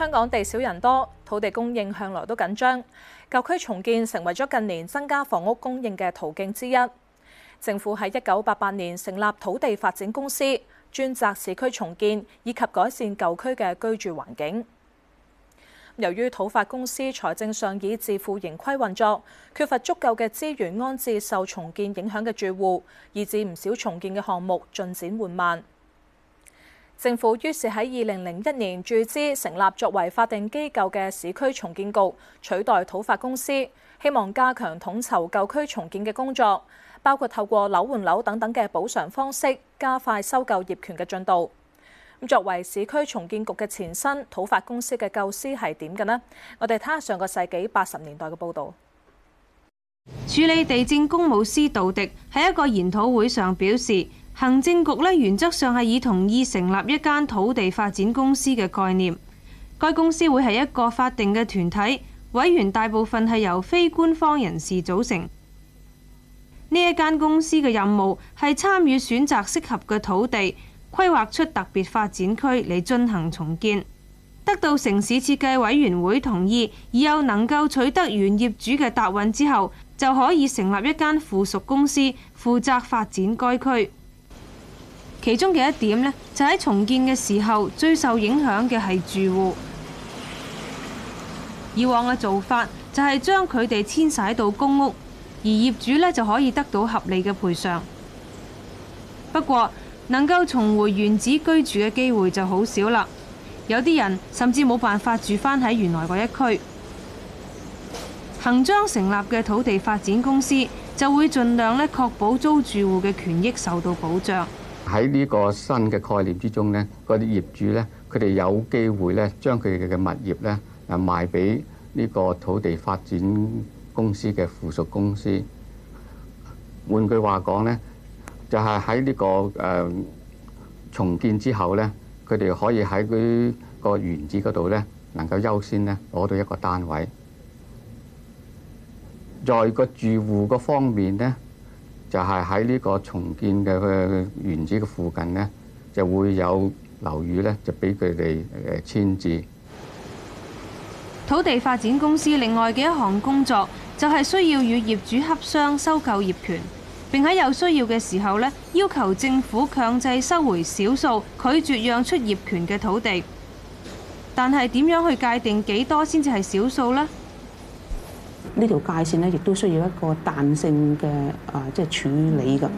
香港地少人多，土地供應向來都緊張，舊區重建成為咗近年增加房屋供應嘅途徑之一。政府喺一九八八年成立土地發展公司，專責市區重建以及改善舊區嘅居住環境。由於土發公司財政上以自負盈虧運作，缺乏足夠嘅資源安置受重建影響嘅住戶，以致唔少重建嘅項目進展緩慢。政府於是喺二零零一年注資成立作為法定機構嘅市區重建局，取代土發公司，希望加強統籌舊區重建嘅工作，包括透過樓換樓等等嘅補償方式，加快收購業權嘅進度。作為市區重建局嘅前身，土發公司嘅構思係點嘅呢？我哋睇下上個世紀八十年代嘅報道。處理地政公務司杜迪喺一個研討會上表示。行政局咧，原則上係已同意成立一間土地發展公司嘅概念。該公司會係一個法定嘅團體，委員大部分係由非官方人士組成。呢一間公司嘅任務係參與選擇適合嘅土地，規劃出特別發展區嚟進行重建。得到城市設計委員會同意，而又能夠取得原業主嘅答允之後，就可以成立一間附屬公司，負責發展該區。其中嘅一點呢，就喺重建嘅時候最受影響嘅係住戶。以往嘅做法就係將佢哋遷徙到公屋，而業主呢就可以得到合理嘅賠償。不過能夠重回原址居住嘅機會就好少啦。有啲人甚至冇辦法住返喺原來嗰一區。行將成立嘅土地發展公司就會盡量呢確保租住戶嘅權益受到保障。喺呢個新嘅概念之中咧，嗰啲業主咧，佢哋有機會咧，將佢哋嘅物業咧，啊賣俾呢個土地發展公司嘅附屬公司。換句話講咧，就係喺呢個誒重建之後咧，佢哋可以喺佢個原址嗰度咧，能夠優先咧攞到一個單位。在個住戶個方面咧。就係喺呢個重建嘅原址嘅附近呢，就會有樓宇呢，就俾佢哋誒遷置。土地發展公司另外嘅一項工作，就係需要與業主洽商收購業權，並喺有需要嘅時候呢，要求政府強制收回少數拒絕讓出業權嘅土地。但係點樣去界定幾多先至係少數呢？呢條界線咧，亦都需要一個彈性嘅啊，即係處理㗎。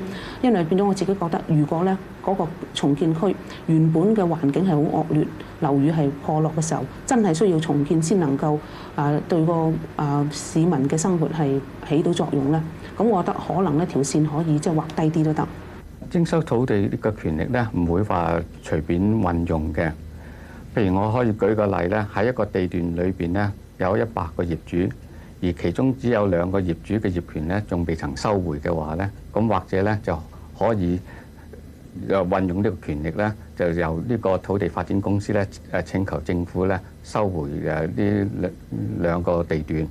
因為變咗我自己覺得，如果咧嗰個重建區原本嘅環境係好惡劣，樓宇係破落嘅時候，真係需要重建先能夠啊對個啊市民嘅生活係起到作用咧。咁我覺得可能呢條線可以即係劃低啲都得。徵收土地呢個權力咧，唔會話隨便運用嘅。譬如我可以舉個例咧，喺一個地段裏邊咧有一百個業主。而其中只有兩個業主嘅業權咧，仲未曾收回嘅話咧，咁或者咧就可以誒運用呢個權力咧，就由呢個土地發展公司咧誒請求政府咧收回誒呢兩兩個地段。